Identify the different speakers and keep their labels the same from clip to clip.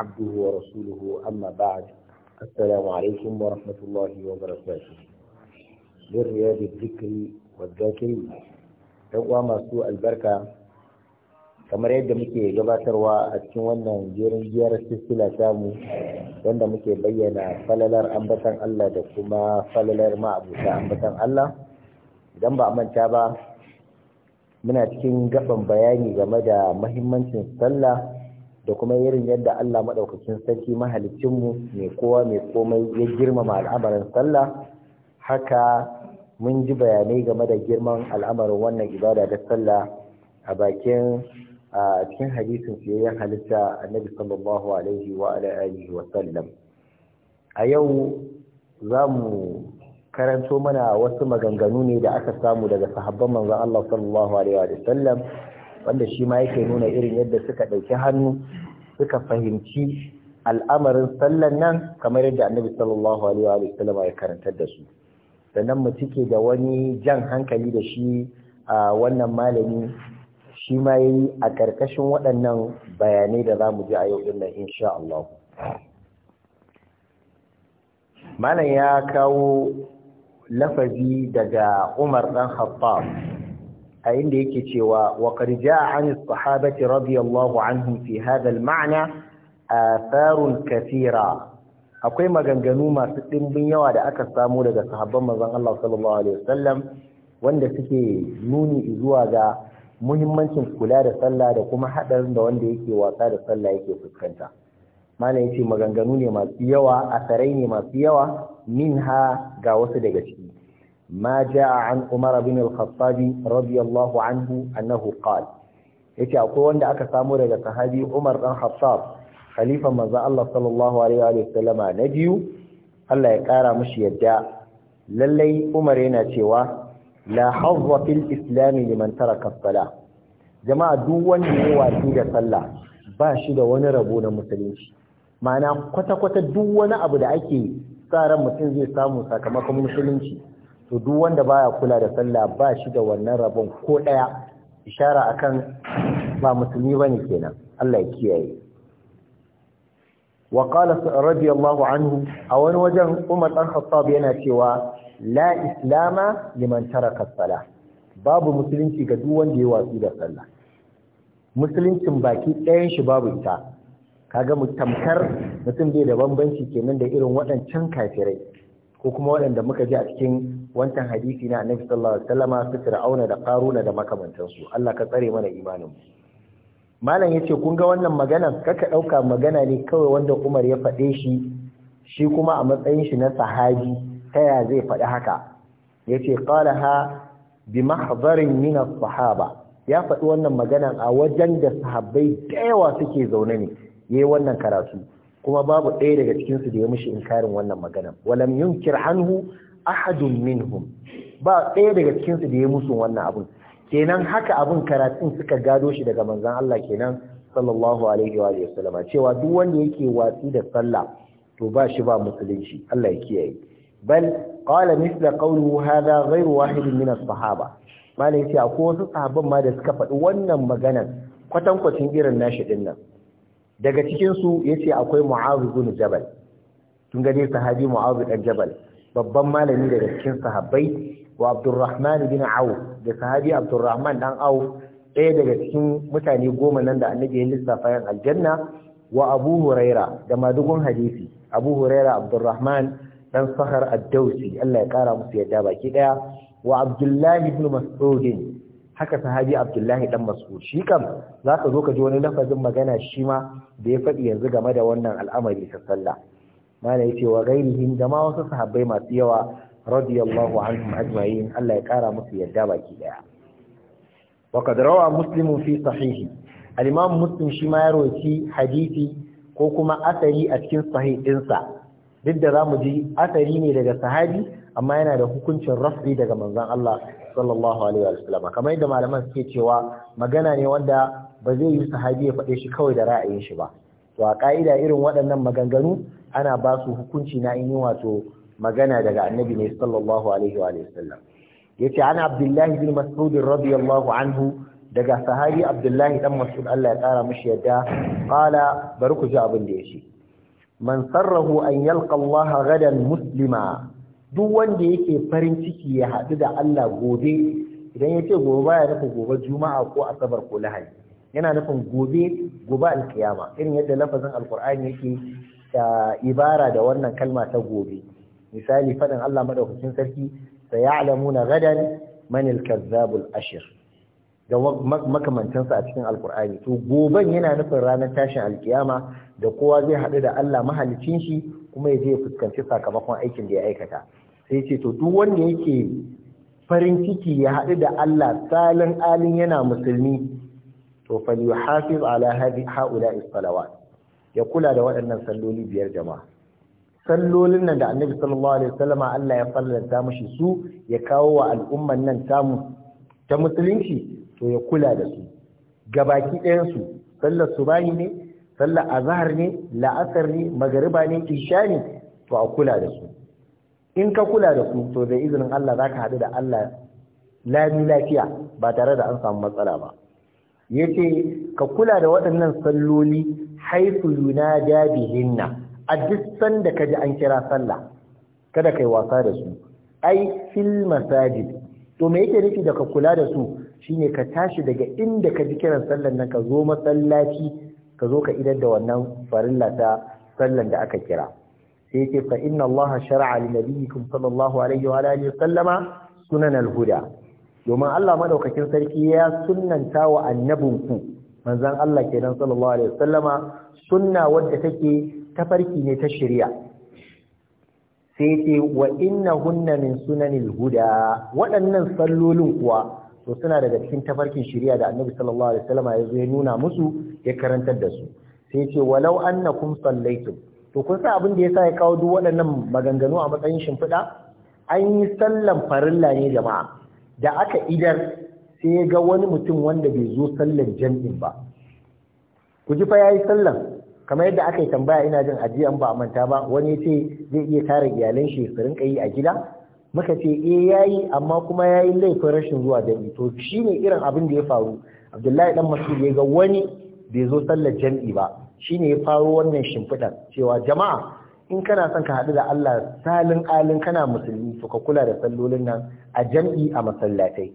Speaker 1: عبده ورسوله أما بعد السلام wa ورحمة الله وبركاته للرياض الذكر والذاكر يقوى masu albarka kamar yadda muke gabatarwa a cikin wannan jerin jiyar silsila samu wanda muke bayyana falalar ambatan Allah da kuma falalar ma'abuta ambatan Allah idan ba a manta ba muna cikin gaban bayani game da mahimmancin sallah da kuma irin yadda Allah maɗaukakin sarki mahalicinmu mai kowa mai komai ya girmama al'amarin sallah haka mun ji bayanai game da girman al'amarin wannan ibada da sallah a bakin a cikin hadisin siyayyen halitta annabi sallallahu alaihi wa alihi wa sallam a yau za mu karanto mana wasu maganganu ne da aka samu daga sahabban manzon Allah sallallahu alaihi wa sallam wanda shi ma yake nuna irin yadda suka ɗauki hannu suka fahimci al'amarin sallan nan kamar yadda annabi sallallahu alaihi wa sallam ya karantar da su sannan mu cike da wani jan hankali da shi a wannan malami shi ma yayi a karkashin waɗannan bayanai da zamu ji a yau din nan insha Allah malam ya kawo lafazi daga Umar dan Khattab a inda yake cewa wa an sahabati radiyallahu anhum fi hadha al-ma'na atharun kathira akwai maganganu masu dimbin yawa da aka samu daga sahabban manzon Allah sallallahu alaihi wasallam wanda suke nuni zuwa ga muhimmancin kula da sallah da kuma hadarin da wanda yake wasa da sallah yake fuskanta malam yace maganganu ne masu yawa asarai ne masu yawa minha ga wasu daga ciki ما جاء عن عمر بن الخطاب رضي الله عنه أنه قال yake akwai wanda aka samu daga sahabi Umar dan Khattab khalifan manzo Allah sallallahu alaihi wa sallama na biyu Allah ya kara mushi yadda lallai Umar yana cewa la hazza fil islam liman taraka as jama'a duk wanda ya da sallah ba shi da wani rabo na musulunci ma'ana kwata-kwata duk wani abu da ake sa ran mutum zai samu sakamakon musulunci to duk wanda baya kula da sallah ba shi da wannan rabon ko daya ishara akan ba musulmi bane kenan Allah ya kiyaye wa qala radiyallahu anhu a wani wajen Umar dan Khattab yana cewa la islama liman taraka salah babu musulunci ga duk wanda ya watsi da sallah musuluncin baki ɗayan shi babu ita kaga mu tamkar mutum bai da bambanci kenan da irin waɗancan kafirai ko kuma waɗanda muka ji a cikin wancan hadisi na annabi sallallahu alaihi wasallama su fir'auna da qaruna da makamantansu Allah ka tsare mana imanin malam yace kun ga wannan magana kaka dauka magana ne kawai wanda Umar ya faɗe shi shi kuma a matsayin shi na sahabi ta zai faɗi haka yace qalaha bi mahdharin min as-sahaba ya faɗi wannan magana a wajen da sahabbai da yawa suke zaune ne yayi wannan karatu kuma babu ɗaya daga cikinsu da ya mishi inkarin wannan magana walam yunkir anhu ahadun minhum ba ɗaya daga cikinsu da ya musu wannan abun kenan haka abun karatun suka gado shi daga manzon Allah kenan sallallahu alaihi wa sallam cewa duk wanda yake watsi da sallah to ba shi ba musulunci Allah ya kiyaye bal qala misla qawluhu hadha ghayru wahidin min as-sahaba malai sai akwai wasu sahabban ma da suka faɗi wannan magana kwatankwacin irin nashi dinnan daga cikinsu ya ce akwai mu'azu bin jabal tun gane sahabi mu'azu ɗan jabal babban malami daga cikin sahabbai wa abdurrahman bin auf da sahabi abdurrahman dan auf ɗaya daga cikin mutane goma nan da annabi ya lissafa yan aljanna wa abu huraira da madugun hadisi abu huraira abdurrahman dan sahar ad-dausi Allah ya kara musu yadda baki daya wa abdullahi ibn mas'ud haka sahabi abdullahi dan mas'ud shi kam za zo ka ji wani lafazin magana shi ma da ya faɗi yanzu game da wannan al'amari ta sallah mana yace wa ghairihim da ma wasu sahabbai masu yawa radiyallahu anhum ajma'in Allah ya kara musu yadda baki daya wa qad rawa muslim fi sahihi al-imam muslim shi ma ya roki hadisi ko kuma asari a cikin sahih dinsa duk da zamu ji asari ne daga sahabi amma yana da hukuncin raf'i daga manzon Allah sallallahu alaihi wa sallama kamar yadda malaman suke cewa magana ne wanda ba zai yi sahabi ya faɗe shi kawai da ra'ayin shi ba to a ka'ida irin waɗannan maganganu ana ba su hukunci na in wato magana daga annabi ne sallallahu alaihi wa sallam yace ana abdullahi bin mas'ud radiyallahu anhu daga sahabi abdullahi dan mas'ud Allah ya kara mishi yadda qala bari ku ji abin da yace man sarrahu an yalqa Allah gadan muslima duk wanda yake farin ciki ya haɗu da Allah gobe idan ya ce gobe baya nufin gobe juma'a ko asabar ko lahadi yana nufin gobe gobe alkiyama irin yadda lafazin alkur'ani yake da ibara da wannan kalma ta gobe misali faɗin Allah madaukakin sarki sayalamuna gadan man alkazzabul ashir da makamantansa a cikin alkur'ani to goben yana nufin ranar tashin alkiyama da kowa zai haɗu da Allah mahalicin shi kuma ya je fuskanci sakamakon aikin da ya aikata sai ce to duk wanda yake farin ciki ya haɗu da Allah salin alin yana musulmi to falyuhafiz ala hadhi haula salawat ya kula da waɗannan salloli biyar jama'a sallolin nan da annabi sallallahu alaihi wasallama Allah ya farlanta mishi su ya kawo wa al'umman nan tamu ta musulunci to ya kula da su gabaki ɗayan su sallar subahi ne sallar azhar ne la'asar ne magariba ne isha ne to a kula da su in ka kula da su to da izinin Allah za ka haɗu da Allah lami lafiya ba tare da an samu matsala ba ya ce ka kula da waɗannan salloli haifu yuna jabihinna a duk sanda ka ji an kira sallah kada kai wasa da su ai fil masajid to me yake nufi da ka kula da su shine ka tashi daga inda ka ji kiran sallan nan ka zo masallaci ka zo ka idar da wannan farilla ta sallan da aka kira sai ce fa inna allaha shar'a li nabiyikum sallallahu alaihi wa alihi wa sallama sunan al-huda domin Allah madaukakin sarki ya sunnanta wa annabinku manzon Allah kenan sallallahu alaihi wa sallama sunna wadda take tafarki ne ta shari'a sai ce wa innahunna min sunanil huda waɗannan sallolin kuwa to suna daga cikin tafarkin shari'a da Annabi sallallahu alaihi wa sallama ya zo ya nuna musu ya karantar da su sai ce walau annakum sallaitum to kun sa abin da ya sa ya kawo duk waɗannan maganganu a matsayin shimfiɗa an yi sallan farilla ne jama'a da aka idar sai ya ga wani mutum wanda bai zo sallan jam'in ba ku ji fa yayi yi sallan kamar yadda aka yi tambaya ina jin ajiyan ba a manta ba wani ce zai iya tara iyalan shi su rinka yi a gida muka ce eh yayi amma kuma yayi laifin rashin zuwa ni. to shine irin abin da ya faru Abdullahi dan masudi ya ga wani bai zo sallar jam'i ba shine ya faro wannan shimfiɗar cewa jama'a in kana son ka haɗu da Allah salin alin kana musulmi to ka kula da sallolin nan a jam'i a masallatai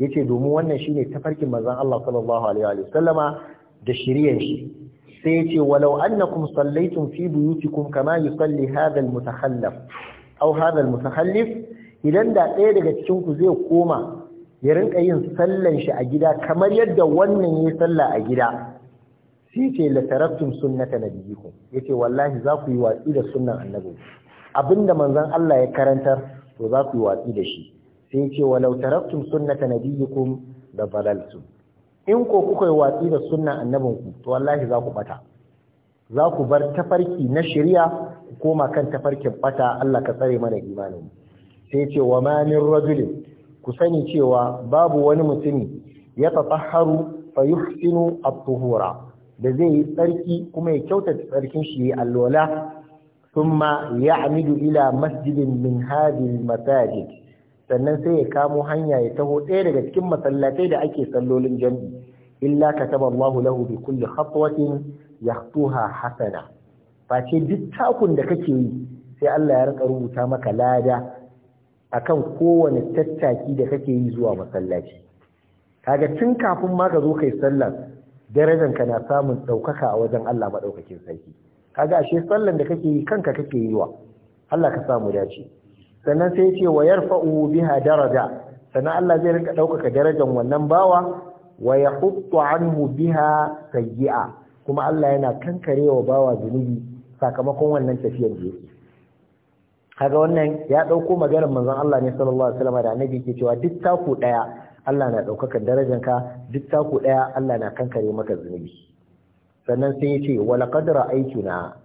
Speaker 1: yace domin wannan shine tafarkin manzon Allah sallallahu alaihi wa sallama da shiriyar shi sai yace walau annakum sallaitum fi buyutikum kama yusalli hadha al-mutakhallaf aw hadha al idan da ɗaya daga cikin ku zai koma ya rinka yin sallan shi a gida kamar yadda wannan yayi sallah a gida sai ce la taraktum sunnata nabiyikum yace wallahi za ku yi watsi da sunnan annabi abinda manzon Allah ya karantar to za ku yi watsi da shi sai yace walau taraktum sunnata nabiyikum da balaltu in ko kuka yi watsi da sunnan annabinku to wallahi za ku bata za ku bar tafarki na shari'a ku koma kan tafarkin bata Allah ka tsare mana imanin sai ce wa ma min rajulin ku sani cewa babu wani mutumi ya tatahharu fa yuhsinu at-tuhura da zai yi tsarki kuma ya kyautata tsarkin shi ya alwala ya amidu ila masjidin min hadhihi masajid sannan sai ya kamo hanya ya taho ɗaya daga cikin masallatai da ake sallolin jam'i. illa kataba Allahu lahu bi kulli khatwatin yahtuha hasana face duk takun da kake yi sai Allah ya rika rubuta maka lada akan kowane tattaki da kake yi zuwa masallaci kaga tun kafin ma ka zo kai sallar darajar ka na samun ɗaukaka a wajen Allah maɗaukakin sarki kaga ashe sallan da kake yi kanka kake yi wa Allah ka samu dace sannan sai ce wa yarfa'u biha daraja sannan Allah zai rika ɗaukaka darajan wannan bawa wa yahuttu anhu biha sayyi'a kuma Allah yana kankarewa bawa zunubi sakamakon wannan tafiyar da yake kaga wannan ya ɗauko maganar manzon Allah ne sallallahu alaihi wasallam da annabi ke cewa duk taku ɗaya Allah na ɗaukakan darajanka duk taku ɗaya Allah na kankare maka zunubi sannan sai ya ce wala aiki na?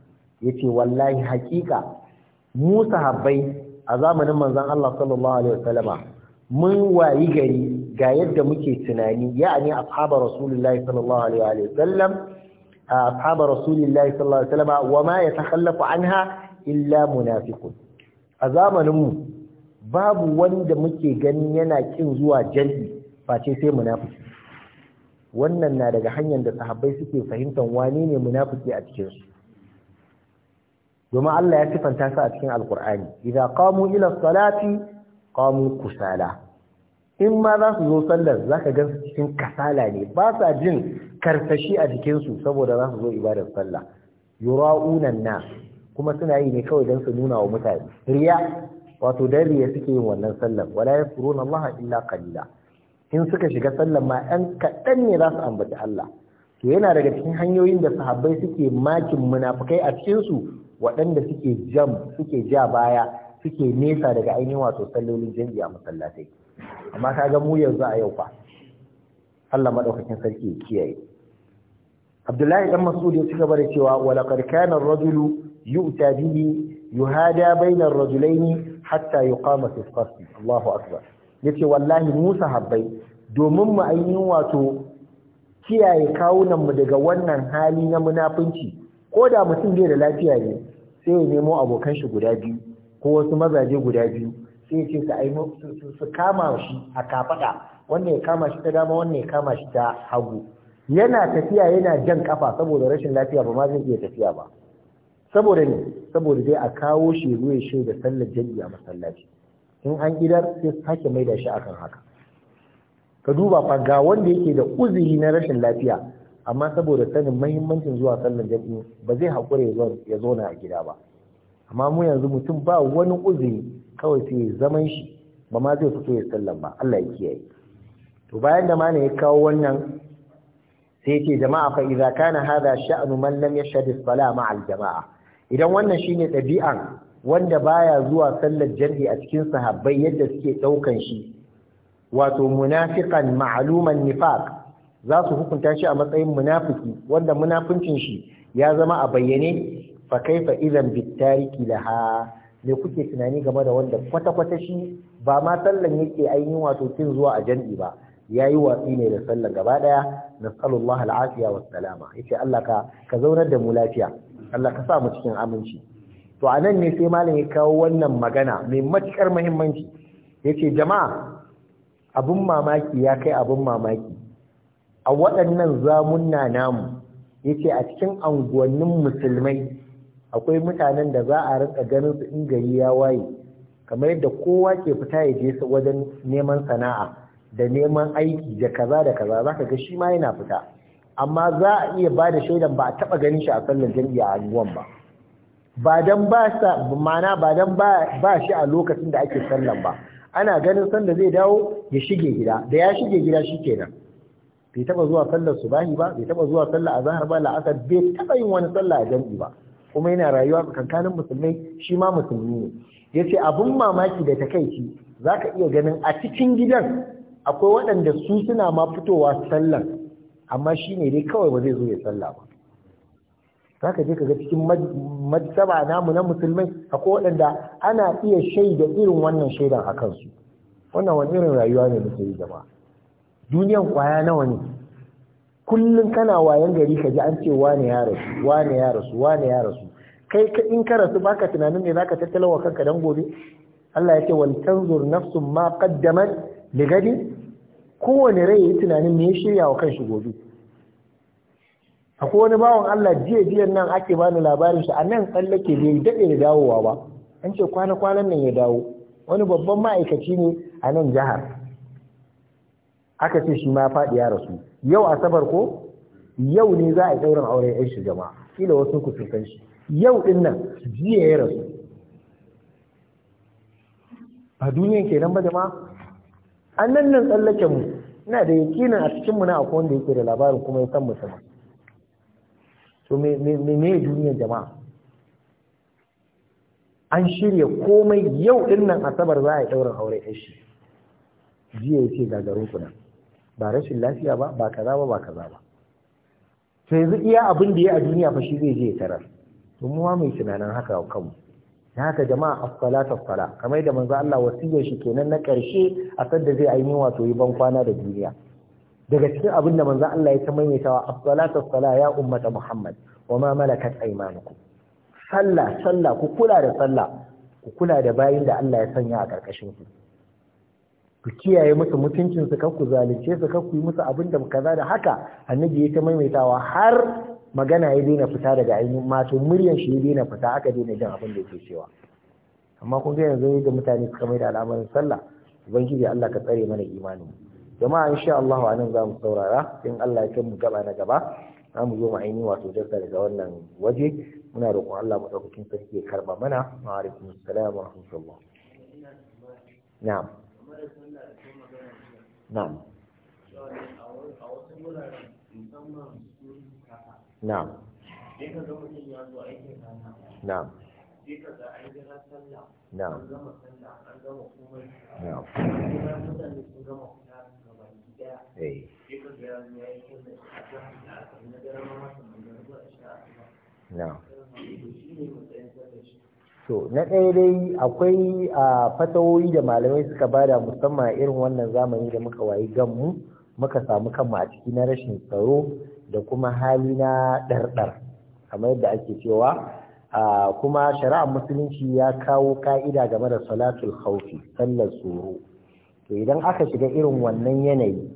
Speaker 1: ya ce wallahi haƙiƙa mu sahabbai a zamanin manzon Allah sallallahu alaihi wasallama mun wayi gari ga yadda muke tunani ya'ani ashabar rasulullahi sallallahu alaihi wasallam أصحاب رسول الله صلى الله عليه وسلم وما يتخلف عنها إلا babu wanda muke gani yana kin zuwa jami'i face sai munafiki wannan na daga hanyar da sahabbai suke fahimtar wane ne munafiki a cikin su domin Allah ya sifanta su a cikin alkur'ani idan qamu ila salati qamu kusala in ma za su zo sallar zaka ga su cikin kasala ne ba sa jin karsashi a jikin su saboda za su zo ibadar sallah yura'una nas kuma suna yi ne kawai don su nuna wa mutane riya wato dariya suke yin wannan sallar wala yadhkuruna Allah illa qalila in suka shiga sallar ma ɗan kaɗan ne za su ambaci Allah to yana daga cikin hanyoyin da sahabbai suke makin munafukai a cikin su waɗanda suke jam suke ja baya suke nesa daga ainihin wato sallolin jami'a masallatai amma ka ga mu yanzu a yau fa Allah madaukakin sarki ya kiyaye Abdullahi dan Mas'ud ya ci gaba da cewa wa laqad kana ar-rajulu yu'ta bihi yuhada bainar rajulaini hatta yuqama fi qasdi Allahu akbar yace wallahi mu sahabbai domin mu ainihin wato kiyaye kawunan mu daga wannan hali na munafunci ko da mutum bai da lafiya ne sai ya nemo abokan shi guda biyu ko wasu mazaje guda biyu sai ce su aimo su kama shi a kafada wannan ya kama shi ta dama wannan ya kama shi ta hagu yana tafiya yana jan kafa saboda rashin lafiya ba ma zai iya tafiya ba saboda ne saboda dai a kawo shi ruwa shi da sallar jam'i a masallaci in an gidar sai sake da shi akan haka ka duba fa ga wanda yake da uzuri na rashin lafiya amma saboda sanin muhimmancin zuwa sallar jam'i, ba zai haƙura ya zauna a gida ba amma mu yanzu mutum ba wani uzuri kawai sai zaman shi ba ma zai fito ya sallar ba Allah ya kiyaye to bayan da malamin ya kawo wannan sai ce jama'a fa idza kana hadha sha'nu man lam yashhad as-sala ma'a al-jama'a idan wannan shine ɗabi'an wanda baya zuwa sallar jam'i a cikin sahabbai yadda suke ɗaukan shi wato munafiqan ma'luman nifaq za su hukunta shi a matsayin munafiki wanda munafuncin shi ya zama a bayyane fa kaifa idan bitariki laha me kuke tunani game da wanda kwata-kwata shi ba ma sallan yake ainihin wato kin zuwa a jam'i ba yayi watsi ne da sallan gaba daya nasallallahu al'afiya wa salama yace Allah ka ka zaunar da mu lafiya Allah ka sa mu cikin aminci to anan ne sai malam ya kawo wannan magana mai matukar muhimmanci yace jama'a abun mamaki ya kai abun mamaki a waɗannan zamunna namu yace a cikin anguwannin musulmai akwai mutanen da za a rinka ganin su in gari ya waye kamar yadda kowa ke fita ya je wajen neman sana'a da neman aiki da kaza da kaza za ka ga shi ma yana fita amma za a iya ba da shaidan ba a taɓa ganin shi a sallar jam'i a anguwan ba ba don ba sa mana ba don ba shi a lokacin da ake sallar ba ana ganin sanda zai dawo ya shige gida da ya shige gida shi kenan bai taɓa zuwa sallar subahi ba bai taɓa zuwa sallar azahar ba la'asar bai taɓa yin wani sallah a jam'i ba kuma yana rayuwa tsakankanin musulmai shi ma musulmi ne ya ce abin mamaki da takaici za ka iya ganin a cikin gidan akwai waɗanda su suna ma fitowa sallar amma shi ne dai kawai ba zai zo ya sallah ba za ka je ka ga cikin matsaba namu na musulmai akwai waɗanda ana iya shaida irin wannan shaidan a kansu wannan wani irin rayuwa ne muke yi jama'a duniyan kwaya nawa ne kullum kana wayan gari ka ji an ce wane ya rasu wane ya rasu wane ya rasu kai in ka rasu baka tunanin ne zaka tattala wa kanka dan gobe Allah ya ce wal tanzur nafsun ma qaddamat li gadi kowane rai yi tunanin me ya shirya wa kanshi gobe akwai wani bawan Allah jiya jiyan nan ake bani labarin shi a nan tsallake bai daɗe da dawowa ba an ce kwana kwanan nan ya dawo wani babban ma'aikaci ne a nan jihar aka ce shi ma faɗi ya rasu yau asabar ko yau ne za a ɗaurin auren yan shi jama'a kila wasu ku san shi yau ɗin nan jiya ya rasu a duniyan kenan ba jama'a an nan nan tsallake mu ina da yakinin a cikin mu a akwai wanda yake da labarin kuma ya san mu sama to me me duniyar jama'a an shirya komai yau din nan asabar za a yi ɗaurin aure shi jiya yake ku nan ba rashin lafiya ba ba kaza ba ba kaza ba to yanzu iya abin da ya a duniya fa shi zai je ya tarar to mu ma mai tunanin haka kanmu na haka jama'a as-salatu as-sala kamar da manzo Allah wasiyar shi kenan na ƙarshe a da zai ainihin wato yi ban kwana da duniya daga cikin abin da manzo Allah ya ta maimaitawa as-salatu as-sala ya ummata Muhammad wa ma malakat aymanukum sallah sallah ku kula da sallah ku kula da bayin da Allah ya sanya a ƙarƙashin ku ku kiyaye musu mutuncin su kar ku zalunce su kar ku yi musu abin da kaza da haka annabi ya ta maimaitawa har magana ya daina fita daga ainihin mato muryan shi ya daina fita aka daina jin abin da ke cewa amma kun ga yanzu da mutane suka mai da al'amarin sallah ubangiji Allah ka tsare mana imani jama'a insha Allah a nan mu saurara in Allah ya kai mu gaba na gaba za mu zo mu ainihin wato jarka daga wannan waje muna roƙon Allah madaukakin sarki ya karɓa mana wa alaikum assalam wa rahmatullah na'am na'am musamman na'am ga mutum ya zo aikin na'am ga an jira sallah na'am gama sallah an gama komai na'am gama kuma eh ya da aka yi na masa mai zuwa na'am shi ne shi to na ɗaya dai akwai a fatawoyi da malamai suka bada musamman irin wannan zamani da muka wayi ganmu muka samu kanmu a ciki na rashin tsaro da kuma hali na ɗarɗar kamar yadda ake cewa kuma shari'ar musulunci ya kawo ka'ida game da salatul khawfi sallar tsoro to idan aka shiga irin wannan yanayi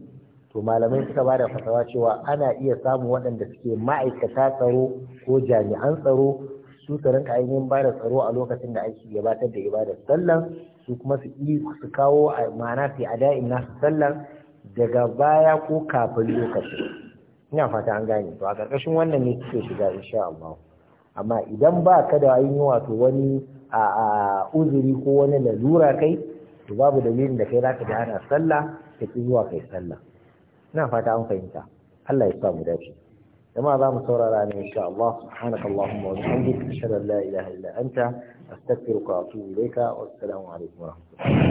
Speaker 1: to malamai suka ba da fasawa cewa ana iya samun waɗanda suke ma'aikata tsaro ko jami'an tsaro su ta rinka ainihin ba da tsaro a lokacin da ake gabatar da ibadar sallan su kuma su yi su kawo ma'ana fi da'in nasu sallan daga baya ko kafin lokacin ina fata an gane to a ƙarƙashin wannan ne suke shiga insha Allah amma idan ba ka da ainihin wato wani a uzuri ko wani lalura kai to babu dalilin da kai za ka ana sallah ka ki zuwa kai sallah ina fata an fahimta Allah ya sa mu dace jama'a za mu saurara ne insha Allah subhanaka allahumma wa bihamdika ashhadu an la ilaha illa anta astaghfiruka wa atubu ilayka wa assalamu alaikum wa rahmatullahi